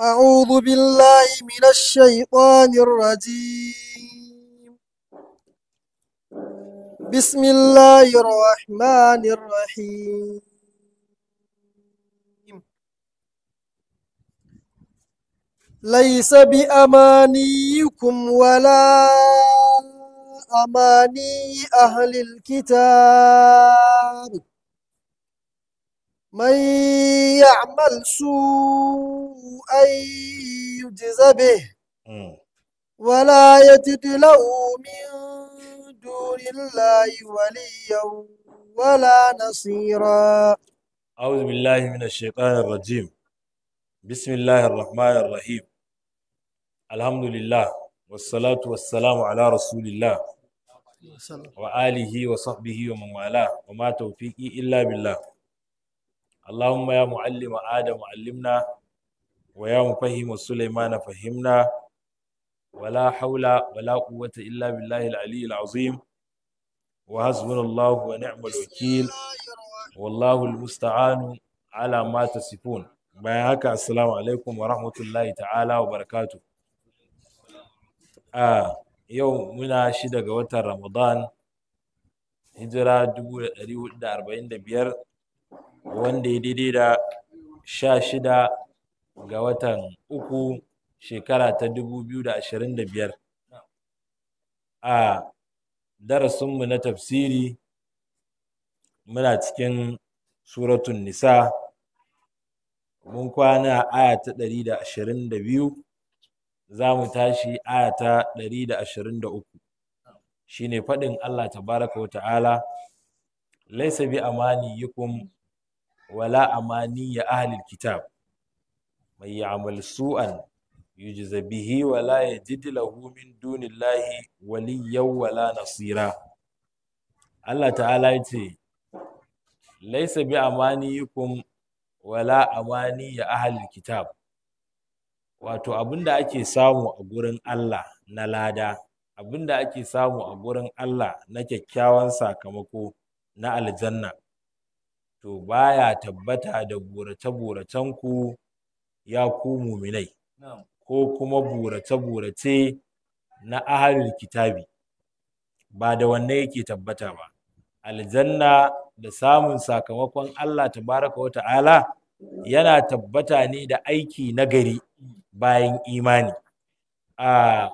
أعوذ بالله من الشيطان الرجيم بسم الله الرحمن الرحيم ليس بأمانيكم ولا أماني أهل الكتاب من يعمل سوءا يجز به ولا يجد له من دون الله وليا ولا نصيرا أعوذ بالله من الشيطان الرجيم بسم الله الرحمن الرحيم الحمد لله والصلاة والسلام على رسول الله وآله وصحبه ومن والاه وما توفيقي إلا بالله Allahumma ya muallima Adam allimna wa ya mufahhima Sulaiman fahimna Wala haula wala la illa billahi ali al-azim wa hasbunallahu wa ni'mal wakeel wallahu al-musta'anu ala ma tasifun bayan haka assalamu alaikum wa rahmatullahi ta'ala wa barakatuh a ah, yau muna shida ga watan ramadan hijira biyar. wanda ya daidai da sha shida ga watan uku shekara ta dubu biyu da ashirin da biyar a darasinmu na tafsiri muna cikin suratun nisa mun kwana aya ta ɗari da ashirin da biyu za mu tashi aya ta ɗari da ashirin da uku shine faɗin allah tabaraka wa ta'ala laisa bi kuma. wala amaniya ahlil kitab mai ya'mal su'an yujza bihi wala yajid lahu min dunillahi waliyyan wala nasira Allah ta'ala yace laisa bi amaniyikum wala amani ya ahlil kitab wato abinda ake samu a gurin Allah na lada abinda ake samu a gurin Allah na kyakkyawan sakamako na aljanna to baya tabbata da burace-buracen ku ya ku muminai ko kuma burace-burace na ahalin kitabi ba da wanne yake tabbata ba aljanna da samun sakamakon Allah tabaraka wa ta'ala yana tabbata ne da aiki nagari bayan imani a ah,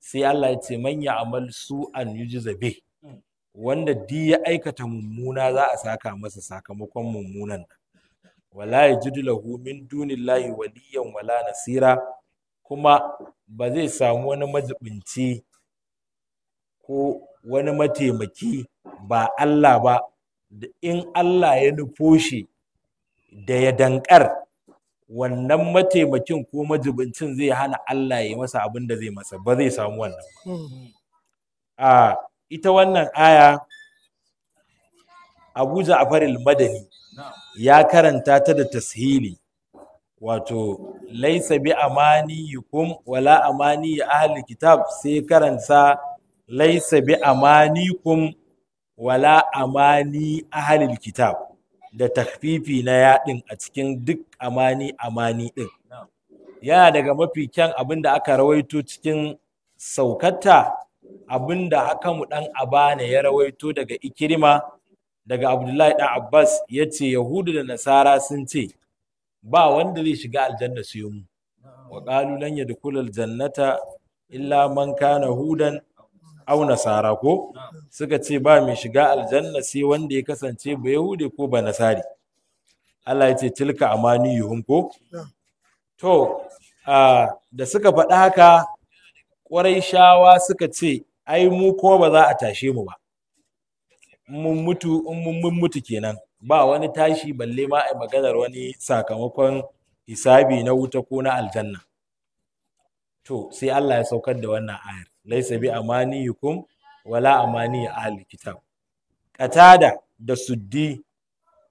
sai Allah ya ce manya amal an yujiza bih wanda di ya aikata mummuna za a saka masa sakamakon mummunan wala ya yajidu lahu min dunillahi waliyan wala nasira kuma ba zai samu wani majibinci ko wani mataimaki ba Allah ba da in Allah ya nufo shi da ya dankar wannan mataimakin ko majibincin zai hana Allah ya masa abin da zai masa ba zai samu wannan ba hmm. ah, ita wannan aya Abu a faril madani ya karanta ta da tashili wato laisa bi amaniyukum wala amani ahli kitab sai karanta laisa bi kum wala amani ahli kitab da takfifi na yaɗin a cikin duk amani amani ɗin. yana daga mafi kyan abin da aka rawaito cikin saukatta. Abin da abinda ɗan dan ne ya rawaito daga ikirima daga abdullahi dan abbas ya ce yahudu da nasara sun ce ba wanda zai shiga aljanna su yi mu wa qalu lan yadkhulul jannata illa man kana hudan aw nasara ko suka ce ba mai shiga aljanna sai wanda ya kasance ba yahudi ko ba nasari Allah ya ce tilka amaniyuhum ko to ah, da suka faɗa haka Kwarai shawa suka ce ai mu ko ba za a tashe mu ba mun mutu in mun mun mutu kenan ba wani tashi balle ma ai maganar wani sakamakon hisabi na wuta ko na aljanna to sai Allah ya saukar da wannan ayar laysa bi amaniyukum wala amani ahli kitab qatada da suddi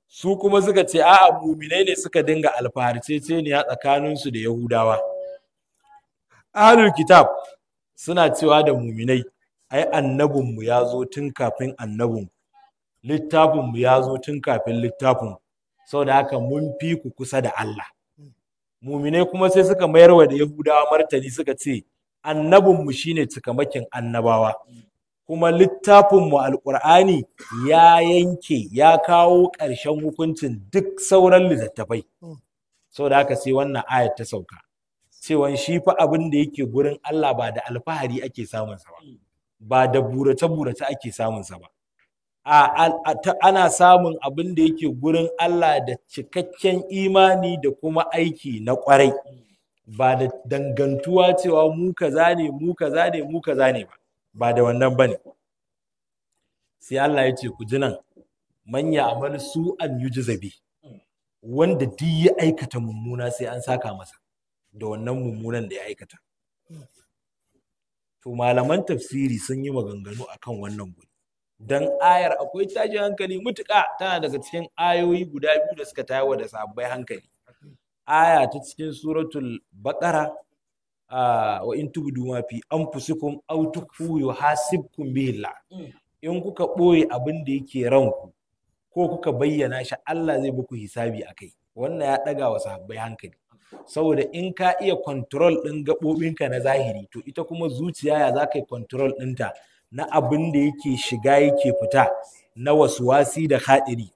su kuma suka ce a'a muminai ne suka dinga ce alfaharceceniya tsakaninsu da yahudawa ahlul kitab suna cewa da muminai ai annabinmu ya zo tun kafin annabin littafinmu ya zo tun kafin littafin saboda haka mun fi ku kusa da Allah muminai kuma sai suka mayar wa da yahudawa martani suka ce annabinmu shine cikamakin annabawa kuma littafinmu alƙur'ani ya yanke ya kawo ƙarshen hukuncin duk sauran littattafai saboda haka sai wannan ayat ta sauka cewa shi fa abin da yake gurin Allah ba da alfahari ake samunsa ba ba da burace-burace ake samunsa ba ana samun abin da yake gurin Allah da cikakken imani da kuma aiki na kwarai ba da dangantuwa cewa mu kaza ne mu kaza ne mu kaza ne ba ba da wannan bane sai Allah ya ce ku ji nan manya amal su an bi wanda duk ya aikata mummuna sai an saka masa da wannan mummunan da ya aikata to malaman tafsiri sun yi maganganu a kan wannan guri Don ayar akwai cajin hankali Mutuƙa tana daga cikin ayoyi guda biyu da suka tayawa da sabbai hankali aya ta cikin suratul baƙara wa in tubdu ma fi anfusikum aw tukfu yuhasibkum billah in kuka ɓoye abin da yake ranku ko kuka bayyana shi Allah zai muku hisabi akai wannan ya ɗaga wa sahabbai hankali saboda in ka iya kontrol ɗin gaɓoɓinka na zahiri to ita kuma zuciya ya za ka yi kontrol ɗinta na abin da yake shiga yake fita na wasu wasi da haɗiri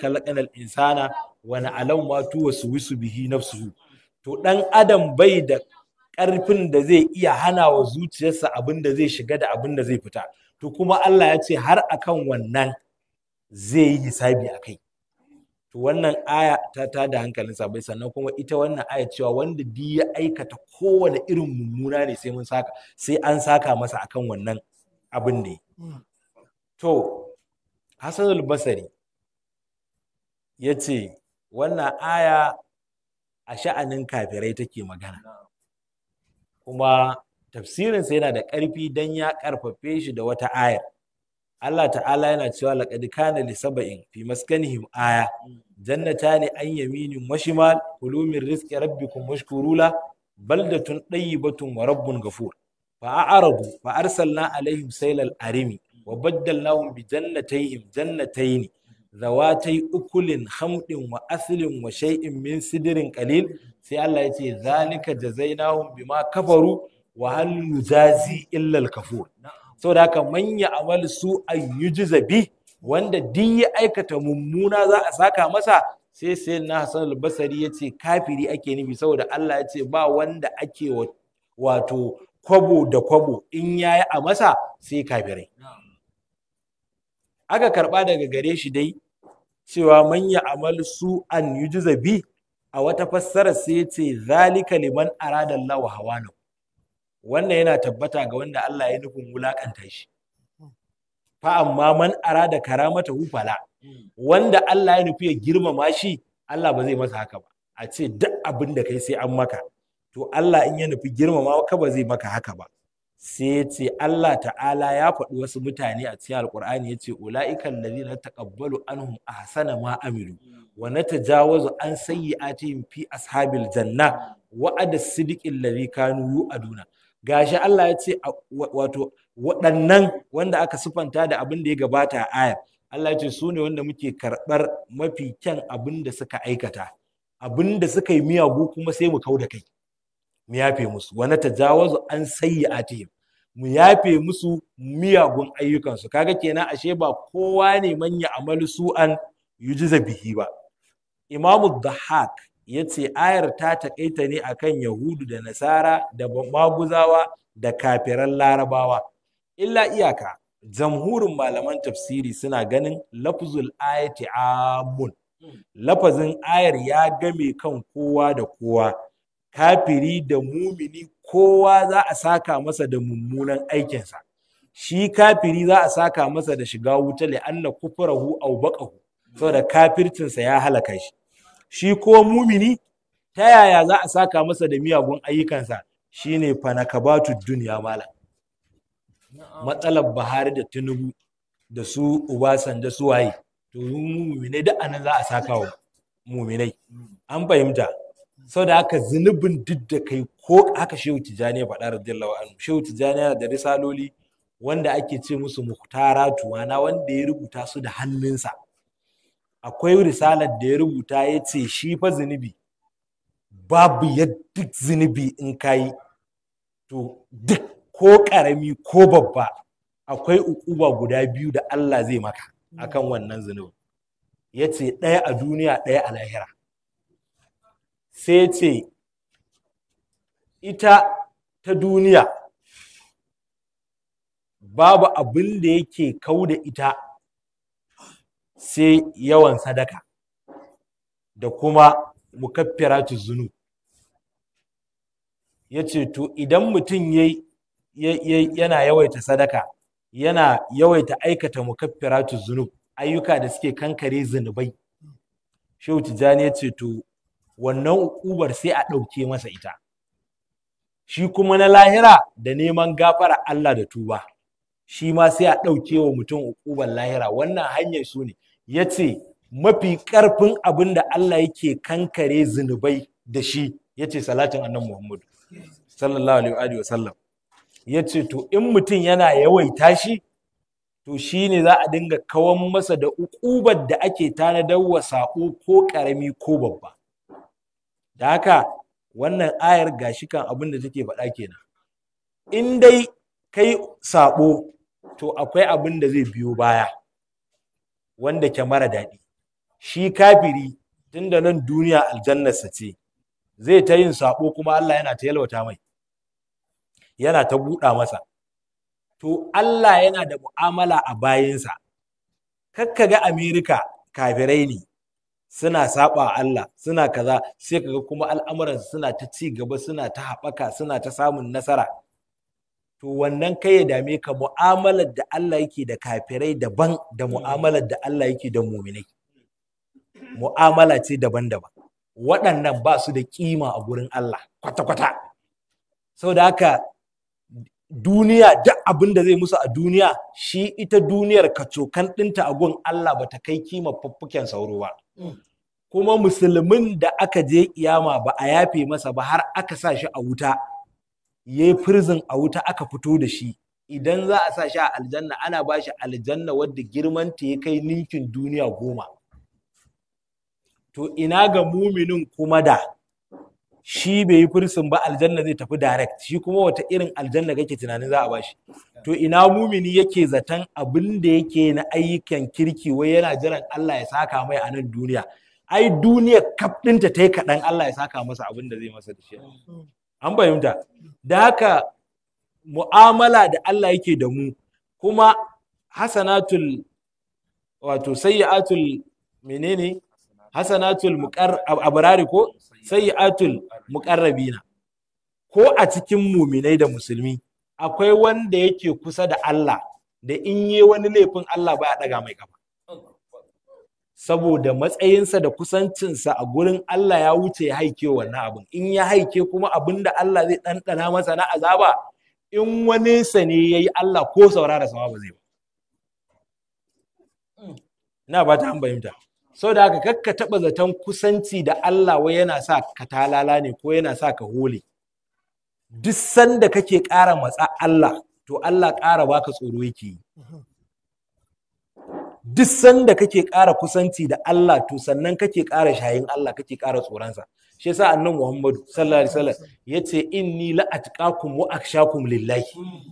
ka laƙanar insana wani alam watu wasu wisu bihi nafsuhu to ɗan adam bai da ƙarfin da zai iya hana wa zuciyarsa abin da zai shiga da abin da zai fita to kuma Allah ya ce har akan wannan zai yi hisabi a kai to wannan aya ta ta da hankalin sabai sannan kuma ita wannan aya cewa wanda di ya aikata kowane irin mummuna ne sai mun saka sai an saka masa akan wannan abin ne hmm. to hasanul basari ya ce wannan aya a sha'anin kafirai take magana kuma tafsirinsa yana da ƙarfi don ya ƙarfafe shi da wata ayar Allah ta'ala yana cewa laqad kana li sab'in fi maskanihim aya jannatani an yaminin wa shimal kulu min rizqi rabbikum washkuru la baldatun tayyibatun wa rabbun ghafur fa a'radu fa arsalna alaihim saylal arimi wa baddalnahum bi jannatayhim jannatayn zawatai ukulin hamdin wa aslin wa shay'in min sidirin qalil sai Allah ya ce zalika jazainahum bima kafaru wa hal yujazi illa al kafur saboda haka manya amal su an yi jizabi wanda duk ya aikata mummuna za a saka masa sai sai na Hassan al-Basri ce kafiri ake nufi saboda Allah ya ce ba wanda ake wato kwabo da kwabo in yayi a masa sai kafirai aka karba daga gare shi dai cewa manya amal su an yi jizabi a wata fassara sai yace zalika liman arada Allah wa hawanahu wannan yana tabbata ga wanda Allah ya nufin wulakanta shi hmm. fa amma man arada karamata mata hmm. wanda Allah ya nufi ya girmama shi Allah ba zai masa haka ba a ce duk abin da kai sai an maka to Allah in ya nufi girmama ka ba zai maka haka ba sai ya ce Allah ta'ala ya faɗi wasu mutane a cikin alƙur'ani ya ce ula'ikan ladina taqabbalu anhum ahsana ma amilu wa natajawazu an sayyi'atihim fi ashabil janna wa'ada sidikin sidqil ladhi kanu yu'aduna gashi Allah ya ce wato waɗannan wanda aka sifanta da abin da ya gabata a aya Allah ya ce su ne wanda muke karɓar mafi kyan abin da suka aikata abin da suka yi miyagu kuma sai mu kau da kai mu yafe musu wa tajawazu an sayi sayyi'atihim mu yafe musu miyagun ayyukansu kaga kenan ashe ba kowa ne manya amalu an yujiza bihi ba imamu dhahak ya ce ayar ta taƙaita ne a kan yahudu da nasara da maguzawa da kafiran larabawa illa iyaka jamhurin malaman tafsiri suna ganin lafzul ayati amun lafazin ayar ya game kan kowa da kowa kafiri da mumini kowa za a saka masa da mummunan aikinsa shi kafiri za a saka masa da shiga wuta li'anna kufrahu aw baqahu saboda kafircinsa ya halaka shi shi ko mumini ta yaya za a saka masa da miyagun ayyukansa shi shine fanakabatu duniya mala matsalar Buhari da Tinubu da su Obasanjo su waye to muminai da anan za a saka wa muminai an fahimta sau da haka zunubin duk da kai ko haka shehu tijjani ya faɗa radiyallahu anhu shehu tijjani da risaloli wanda ake ce musu muhtaratu tuwana wanda ya rubuta su da hannunsa akwai risalar da ya rubuta ya ce shi fa zunubi babu yadda zunubi in ka yi to duk ko ƙarami ko babba akwai ukuba guda biyu da Allah zai maka akan wannan zunubin ya ce ɗaya a duniya ɗaya a lahira sai ce ita ta duniya babu abin da yake kau da ita sai yawan sadaka da kuma mukaffiratu zunu ya ce to idan mutum yana yawaita sadaka yana yawaita aikata mukaffiratu zunub ayyuka da suke kankare zunubai shehu tijjani ya ce to wannan ukubar sai a ɗauke masa ita shi kuma na lahira da neman gafara Allah da tuba shi ma sai a ɗauke wa mutum ukubar lahira wannan hanyar su ne ya ce mafi ƙarfin abin da Allah yake kankare zunubai da shi ya ce salatin annan Muhammadu sallallahu alaihi wa sallam ya ce to in mutum yana yawaita shi to shi ne za a dinga kawan masa da ukubar da ake tanadar wa saƙo ko ƙarami ko babba da haka wannan ayar gashi kan abin da take faɗa kenan in dai kai saɓo to akwai abin da zai biyo baya wanda ke mara daɗi shi kafiri tunda nan duniya aljannarsa ce zai ta yin saɓo kuma Allah yana ta yalwata mai yana ta buɗa masa to Allah yana da mu'amala a bayansa kakka ga Amerika kafirai ne suna saɓa Allah suna kaza sai kaga kuma al'amuransu suna ta ci gaba suna ta haɓaka suna ta samun nasara to wannan kai ya dame ka mu'amalar da Allah yake da kafirai daban da mu'amalar da Allah yake da muminai mu'amala ce daban-daban waɗannan ba su da kima a gurin Allah kwata-kwata saboda haka duniya duk abin da zai musu a duniya shi ita duniyar kacokan ɗinta a gun Allah ba ta kai kima fuffuken sauro ba kuma musulmin da aka je kiyama ba a yafe masa ba har aka sa shi a wuta ya yi firzin a wuta aka fito da shi idan za a sa shi a aljanna ana ba shi aljanna wadda girman ta ya kai ninkin duniya goma to ina ga muminin kuma da shi bai yi firsin ba aljanna zai tafi direct shi kuma wata irin aljanna kake tunanin za a ba shi to ina mumini yake zaton abin da yake na ayyukan kirki wai yana jiran Allah ya saka mai a nan duniya ai duniya kaf ɗinta ta kaɗan Allah ya saka masa abin da zai masa da an fahimta da haka mu'amala da Allah yake da mu kuma hasanatul wato sayyatul menene hasanatul muqar abrari ko sayyatul muqarrabina ko a cikin muminai da musulmi akwai wanda yake kusa da Allah da in yi wani laifin Allah ba ɗaga daga mai kafa saboda matsayinsa da kusancinsa a gurin Allah ya wuce ya haike wannan abin in ya haike kuma abin da Allah zai ɗanɗana masa na azaba in wani sa ne ya yi Allah ko saurara sama ba zai ba na ba ta an fahimta Sau da aka kakka taɓa zaton kusanci da Allah wai yana sa ka talala ne ko yana sa ka hole duk sanda kake ƙara matsa Allah to Allah ƙara baka tsoro yake yi mhm. duk sanda kake ƙara kusanci da Allah to sannan kake ƙara shayin Allah kake ƙara tsoronsa shi yasa annabi Muhammadu sallallahu alaihi wasallam yace inni la atqakum wa akshakum lillahi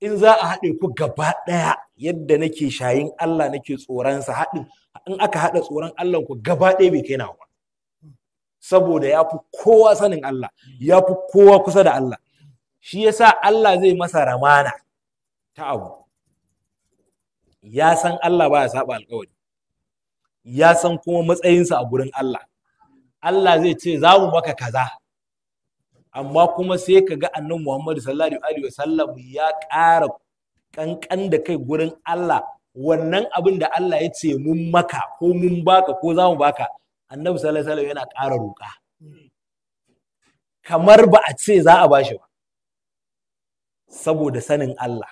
in za a haɗe ku gaba ɗaya yadda nake shayin Allah nake tsoronsa haɗin in aka haɗa tsoron Allah ku gaba ɗaya bai kai nawa saboda ya fi kowa sanin Allah ya fi kowa kusa da Allah shi yasa Allah zai masa ramana ta abu ya san Allah ba ya saba alkawari ya san kuma matsayinsa a gurin Allah Allah zai ce za mu maka kaza amma kuma sai ka ga annabi muhammad sallallahu alaihi wasallam ya ƙara kankan da kai gurin Allah wannan abin da Allah ya ce mun maka ko mun baka ko za mu baka annabi sallallahu alaihi yana ƙara roƙa kamar ba a ce za a bashi ba saboda sanin Allah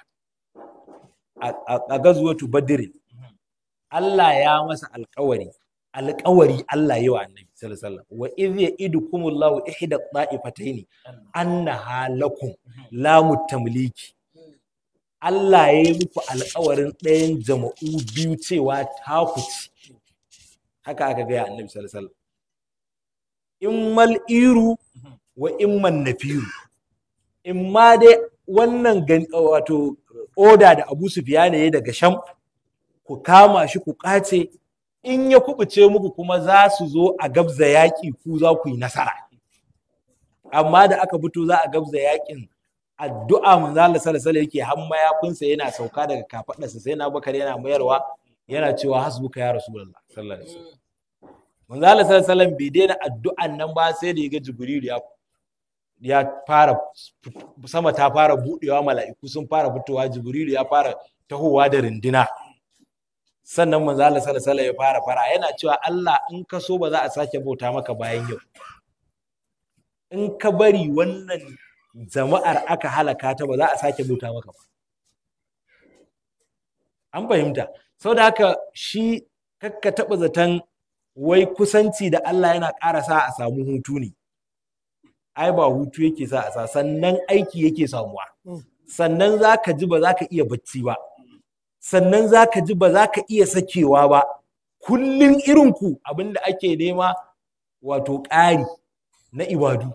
a gazwatu badirin Allah ya masa alƙawari alƙawari Allah yi wa annabi sallallahu alaihi wasallam wa idh ya'idukumullahu ihda ta'ifataini annaha lakum lamu mutamliki Allah ya yi muku alƙawarin ɗayan jama'u biyu cewa ta ku haka aka gaya annabi sallallahu alaihi wasallam immal iru wa imman nafiru imma dai wannan wato oda da Abu Sufyan ya daga Sham ku kama shi ku kace in ya kubuce muku kuma za su zo a gabza yaƙi ku za ku yi nasara amma da aka fito za a gabza yaƙin addu'a manzo Allah sallallahu alaihi yake hamma ya kunsa yana sauka daga sa sai na bakar yana mayarwa yana cewa hasbuka ya rasulullah sallallahu alaihi wasallam manzo Allah sallallahu alaihi bai daina addu'an nan ba sai da ya ga jibril ya ya fara sama ta fara buɗewa mala'iku sun fara fitowa jibrilu ya fara tahowa da rindina sannan manzo Allah sallallahu alaihi ya fara fara yana cewa Allah in ka so ba za a sake bauta maka bayan yau in ka bari wannan jama'ar aka halaka ta ba za a sake bauta maka ba an fahimta saboda haka shi kakka taɓa zaton wai kusanci da Allah yana ƙara sa a samu hutu ne ai ba hutu yake sa a sa sannan aiki yake samuwa hmm. sannan za ka ji ba za ka iya bacci ba sannan za ka ji ba za ka iya sakewa ba kullum irinku abin da ake nema wato ƙari na ibadu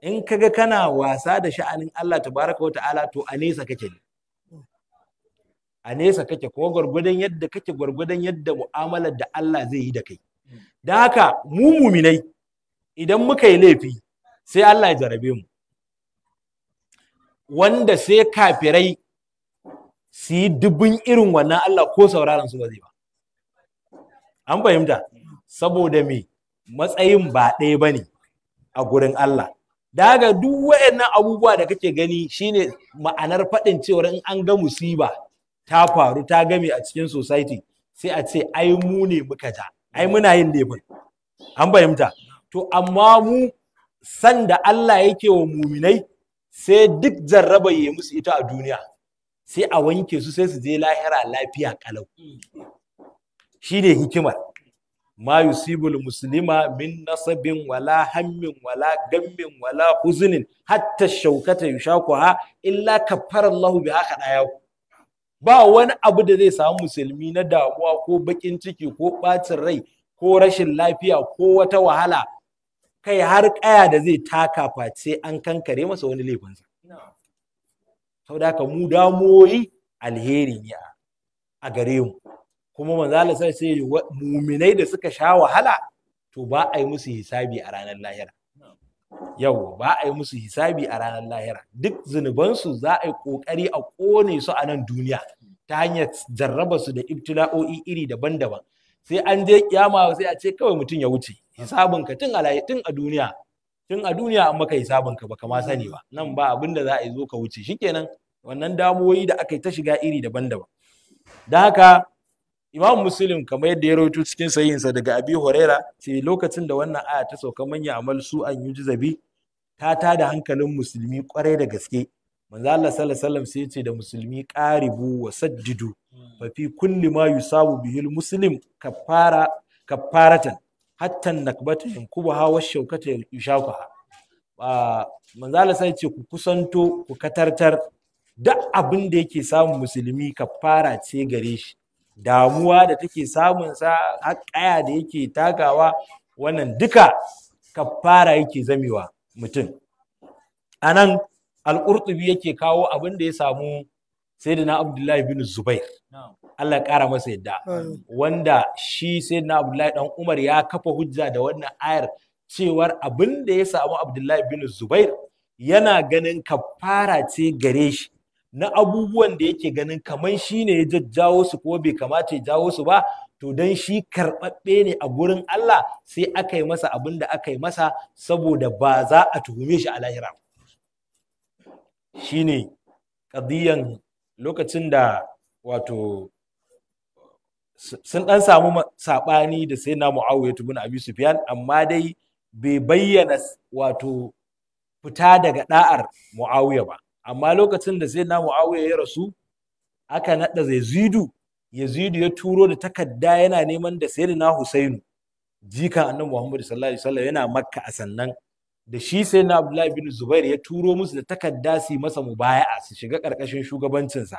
in kaga kana wasa da sha'anin Allah tabaraka wa ta'ala to a nesa kake ne hmm. a nesa kake ko gwargwadon yadda kake gwargwadon yadda mu'amalar da Allah zai yi da kai hmm. da haka mu muminai idan muka yi laifi sai Allah ya jarabe mu wanda sai kafirai su yi dubin irin wannan Allah ko sauraron su ba zai ba an fahimta saboda me matsayin ba ɗaya ba ne a gurin Allah daga duk waɗannan abubuwa da kake gani shine ma'anar faɗin cewa in an ga musiba ta faru ta game a cikin society sai a ce ai mu ne muka ja ai muna yin laifin an fahimta to amma mu san da Allah yake wa muminai sai duk jarraba ya musu ita a duniya sai a wanke su sai su je lahira lafiya kalau shine hikimar ma yusibul muslima min nasabin wala hammin wala gammin wala huzunin hatta shaukata yushakuha illa kaffara Allahu haka kadaya ba wani abu da zai samu musulmi na damuwa ko bakin ciki ko bacin rai ko rashin lafiya ko wata wahala kai har kaya da zai taka face an kankare masa wani laifinsa saboda haka mu damuwoyi alheri ne a gare mu kuma Allah sai sai muminai da suka sha wahala to ba a yi musu hisabi a ranar lahira yau ba a yi musu hisabi a ranar lahira duk zunubansu za a yi kokari a kone su a nan duniya ta hanyar jarraba su da ibtila'o'i iri daban-daban sai an je kiyama sai a ce kawai mutum ya wuce hisabin ka tun alayi tun a duniya tun a duniya an maka hisabin ka baka ma sani ba nan ba abin da za a yi zo ka wuce shikenan wannan damuwoyi da aka yi ta shiga iri daban-daban da haka Imam Muslim kamar yadda ya rawaito cikin sahihinsa daga Abi Huraira ce lokacin da wannan aya ta sauka manya amal su an yi ta tada hankalin musulmi kwarai da gaske manzo Allah sallallahu alaihi wasallam sai ya ce da musulmi qaribu wa saddidu hmm. fa fi kulli ma yusabu bihi muslim kafara kafaratan hatta nakbata ha wa shaukata ha ah, manzo Allah sai ya ce ku kusanto ku katartar duk abin da yake samun musulmi kafara ce gare shi damuwa da take samun sa haƙaya da yake tagawa wannan duka kafara yake zamewa mutum anan al-qurtubi yake kawo abin da ya samu sayyidina abdullahi bin zubair Allah ƙara masa yadda wanda shi sayyidina abdullahi dan umar ya kafa hujja da wannan ayar cewar abin da ya samu abdullahi bin zubair yana ganin kafara ce gare shi na abubuwan da yake ganin kamar shi ne ya jajjawo su ko bai kamata ya jawo su ba to don shi karɓaɓɓe ne a gurin Allah sai aka yi masa abin da aka yi masa saboda ba za a tuhume shi a lahira. shine kadiyan lokacin da wato sun dan samu sabani da sai na muawiya bin abi sufyan amma dai bai bayyana wato fita daga da'ar muawiya ba amma lokacin da sai na muawiya ya rasu aka nada yazidu yazidu ya turo da takarda yana neman da sayyidina husainu jikan annabi muhammad sallallahu alaihi wasallam yana makka a sannan da shi sai na Abdullahi bin Zubair ya turo musu da takarda su masa mubaya'a su shiga karkashin shugabancinsa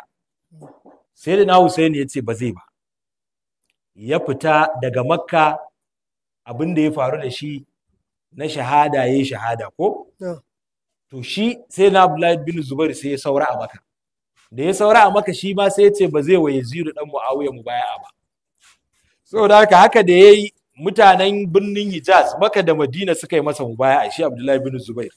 sai da na Hussein ya ce ba zai ba ya fita daga Makka abin da ya faru da shi na shahada ya shahada ko to shi sai na Abdullahi bin Zubair sai ya saura a Makka da ya saura a Makka shi ma sai ya ce ba zai wa Yazid dan Muawiya mubaya'a ba saboda haka haka da yayi mutanen birnin Hijaz Makka da Madina suka yi masa mubaya'a shi Abdullahi bin Zubair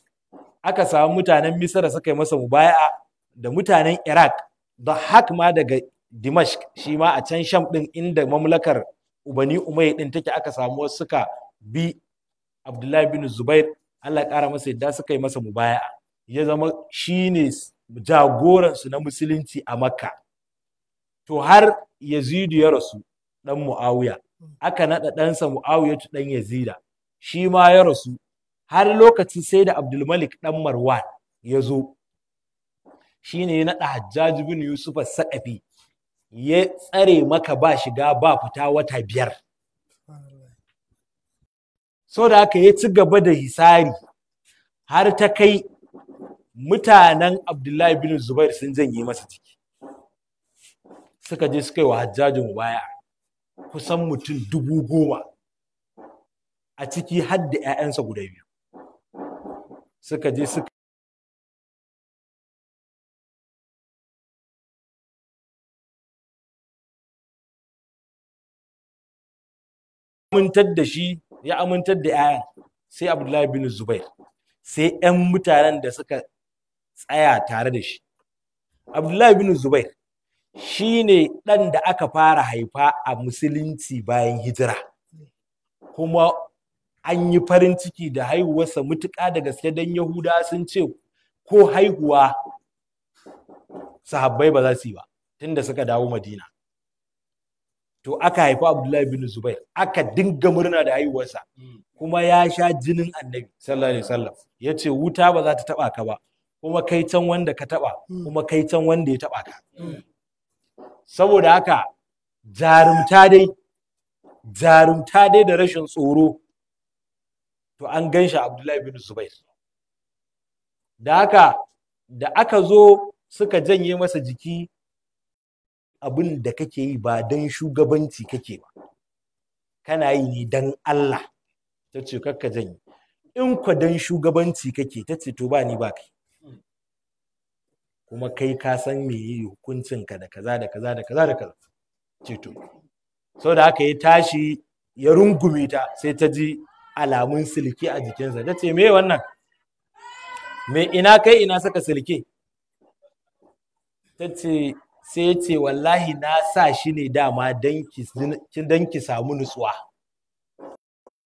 aka samu mutanen Misra suka yi masa mubaya'a da mutanen Iraq da hak ma daga Dimashq shi ma a can Sham din inda mamlakar Ubani Umayyad din take aka samu suka bi Abdullahi bin Zubair Allah ƙara masa yadda suka yi masa mubaya'a ya zama shine jagoransu na musulunci a Makka to har Yazidu ya rasu dan Muawiya aka naɗa ɗansa mu'awiyatu ɗan yazida shi ma ya rasu har lokacin sai da abdulmalik ɗan marwan ya zo shi ne ya naɗa hajjaji bin yusuf saƙafi ya tsare maka ba shiga ba fita wata biyar so da haka ya ci gaba da hisari har ta kai mutanen abdullahi bin zubair sun janye masa ciki suka je suka yi wa hajjajin baya kusan mutum dubu goma a ciki har da 'ya'yansa guda biyu suka je suka amintar da shi ya amintar da 'ya'yan sai abdullahi bin zubair sai 'yan mutanen da suka tsaya tare da shi abdullahi bin zubair Shi ne ɗan da aka fara haifa a musulunci bayan hijira kuma an yi farin ciki da haihuwarsa mutuƙa da gaske don yahuda sun ce ko haihuwa sahabbai ba za su yi ba tunda suka dawo madina to aka haifi abdullahi bin zubair aka dinga murna da haihuwarsa kuma ya sha jinin annabi sallallahu alaihi ya ce wuta ba za ta taba ka ba kuma kai can wanda ka taba kuma kai can wanda ya taba ka saboda haka jarumta dai jarumta dai da rashin tsoro to an ganshi abdullahi bin zubair da haka da aka zo suka janye masa jiki abin da kake yi ba don shugabanci kake ba kana yi ne don Allah ta ce kakka janye in kwa don shugabanci kake ta ce to ba ni ba kai kuma kai ka san me yi ka da kaza da kaza da kaza da kaza ce to sau da haka ya tashi ya rungume ta sai ta ji alamun silke a jikinsa ta ce me wannan me ina kai ina saka silke ta ce sai ce wallahi na sa shi ne dama don ki samu nutsuwa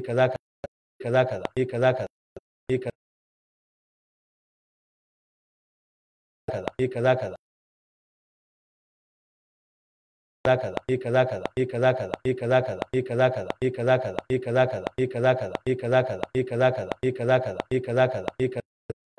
kaza kaza kaza kaza kaza kaza kaza kaza kaza kaza kaza eh kaza kaza eh kaza kaza eh kaza kaza eh kaza kaza eh kaza kaza eh kaza kaza eh kaza kaza eh kaza kaza eh kaza kaza eh kaza kaza eh kaza kaza eh kaza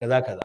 kada kada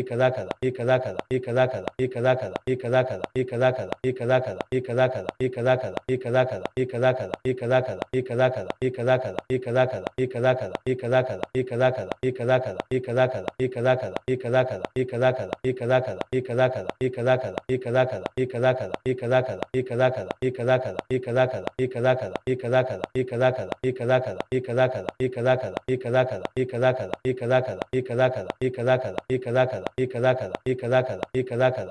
いカだかだ、いカかだかだ、カいかだかカいいかだカだ、いいかカかだ、いいカだかだ、いカかだかだ、カいかだかカいいかだカだ、いいかカかだ、いいカだかだ、いカかだかだ、カいかだかカいいかだカだ、いいかカかだ、いいカだかだ、いカかだかだ、カいかだかカいいかだカだ、いいかカかだ、いいカだかだ、いカかだかだ、カいかだかカいいかだカだ、いいかカかだ、いいカだかだ、いカかだかだ、カいかだかカいいかだカだ、いいかカかだ、いいカだかだ、いカかだかだ、カいかだかカいいかだカだ、いいかカかだ、いいカだかだ、いカかだかだ、カいかだかカいいかだカだ、いいかカかだ、いいカだかだ、いいかだかだ、いいかだかだ、いいかだかだ、いいかだかだ、いいかだかだ、Eh, kaza kaza eh, kaza kaza eh, kaza kaza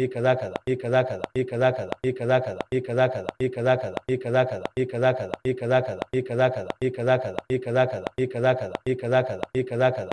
yi kaza kaza yi kaza kaza yi kaza kaza yi kaza kaza yi kaza kaza yi kaza kaza yi kaza kaza yi kaza kaza yi kaza kaza yi kaza kaza yi kaza kaza yi kaza kaza yi kaza kaza yi kaza kaza yi kaza kaza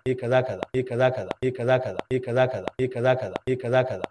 Eh kaza kaza eh kaza kaza eh kaza kaza kaza kaza kaza kaza kaza kaza kaza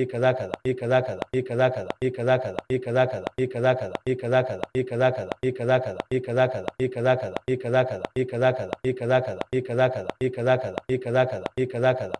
yi kaza kaza yi kaza kaza yi kaza kaza yi kaza kaza yi kaza kaza yi kaza kaza yi kaza kaza yi kaza kaza yi kaza kaza yi kaza kaza yi kaza kaza yi kaza kaza yi kaza kaza yi kaza kaza yi kaza kaza yi kaza kaza yi kaza kaza yi kaza kaza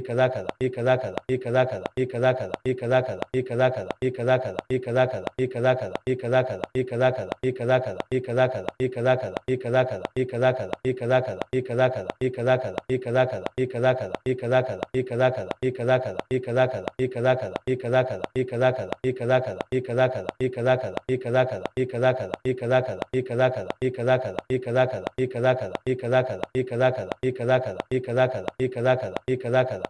いカだかだ、いカかだかだ、カいかだかカいいかだカだ、いいかカかだ、いいカだかだ、いカかだかだ、カいかだかカいいかだカだ、いいかカかだ、いいカだかだ、いカかだかだ、カいかだかカいいかだカだ、いいかカかだ、いいカだかだ、いカかだかだ、カいかだかカいいかだカだ、いいかカかだ、いいカだかだ、いカかだかだ、カいかだかカいいかだカだ、いいかカかだ、いいカだかだ、いカかだかだ、カいかだかカいいかだカだ、いいかカかだ、いいカだかだ、いカかだかだ、カいかだかだ、いいかだかだ、いいかカかだ、いいかだかだ、いいかだかだ、いいかだかだ、いいかだかだ、いいかだかだ、いいかだかだ、いいかだかだ、いいかだかだ、いいかだかだ、いいかだかだ、いいかだかだ、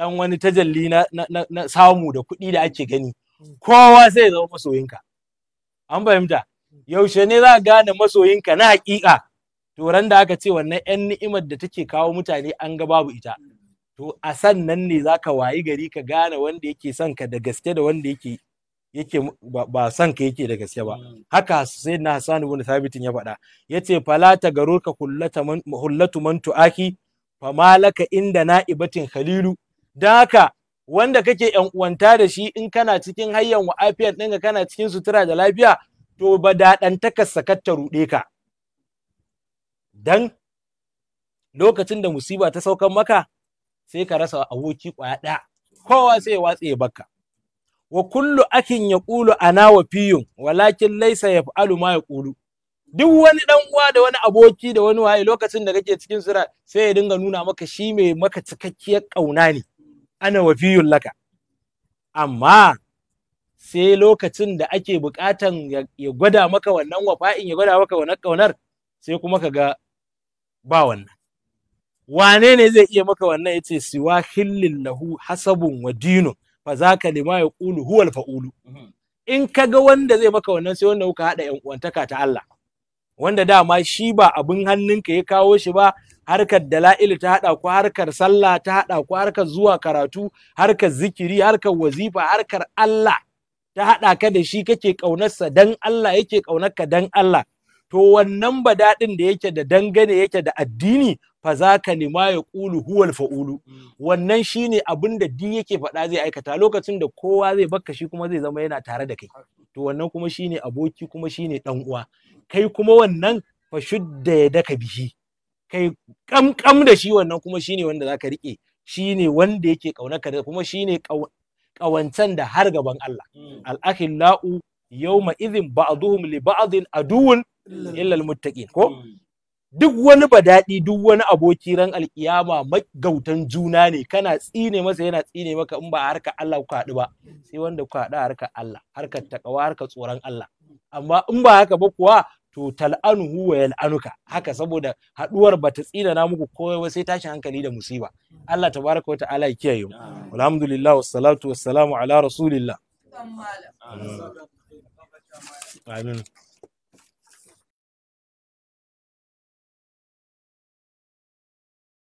dan wani tajalli na, na, samu da kuɗi da ake gani hmm. kowa sai ya zama masoyinka an fahimta hmm. yaushe ne za gane masoyinka na hakika? to ran da aka ce wannan yan ni'imar da take kawo mutane an ga babu ita to a sannan ne za ka wayi gari ka gane wanda yake son ka da gaske da wanda yake yake ba son ka yake da gaske ba hmm. haka sai na Hassan bin sabitin ya faɗa yace fala ta garurka hullatu man tu'aki famalaka inda na'ibatin khalilu dan haka wanda kake yan uwanta da shi in kana cikin hayyan afiyar ɗinka kana cikin sutura da lafiya to ba daɗantakar sakar ta rude ka dan lokacin da musiba ta saukan maka sai ka rasa aboki kwaya ɗaya kowa sai ya watsa ya baka. wa kullu akin ya kulu ana wa fiyun walakin laisa ya ma ya kulu. duk wani dan uwa da wani aboki da wani waye lokacin da kake cikin sutura sai ya dinga nuna maka shi mai maka cikakkiyar ƙauna ne ana wafiyun laka amma sai lokacin da ake bukatan ya gwada maka wannan wafa'in ya gwada maka wannan kaunar, sai kuma ka ga ba wannan wane ne zai iya maka wannan ya ce siwa hillin lahu hasabun wa dino fa za ka lima ya ƙulu huwal fa'ulu mhm. in ka ga wanda zai maka wannan sai wanda kuka haɗa uwantaka ta Allah wanda dama shi ba abin hannunka ya kawo shi ba harkar dala'il ta haɗa ku harkar sallah ta haɗa ku harkar zuwa karatu harkar zikiri harkar wazifa harkar Allah ta haɗa ka da shi kake ƙaunarsa dan Allah yake ƙaunarka dan Allah to wannan ba daɗin da yake da dangane yake da addini fa za ka nima ya ƙulu huwal fa'ulu wannan shine abin da din yake faɗa zai aikata lokacin da kowa zai bakka shi kuma zai zama yana tare da kai to wannan kuma shine aboki kuma shine ɗan uwa kai kuma wannan fa shudda ya daka bihi kai kamkam da shi wannan kuma shi ne wanda za riƙe. rike ne wanda yake ka da kuma shi ne kawancan da har gaban Allah hmm. al-akhillau yawma idhin ba'dhum li ba'dhin a illa al-muttaqin ko hmm. duk wani badadi duk wani aboki ran alkiyama magautan juna ne kana tsine masa yana tsine maka in ba harka Allah ku haɗu ba sai wanda ku haɗu harka Allah harkar takawa harkar tsoron Allah amma in ba haka ba kuwa to tal'anuhu wa yal'anuka haka saboda haduwar bata tsina na muku kowa sai tashin hankali da musiba Allah tabaraka wa ta'ala ya kiyaye mu alhamdulillah wassalatu wassalamu ala rasulillah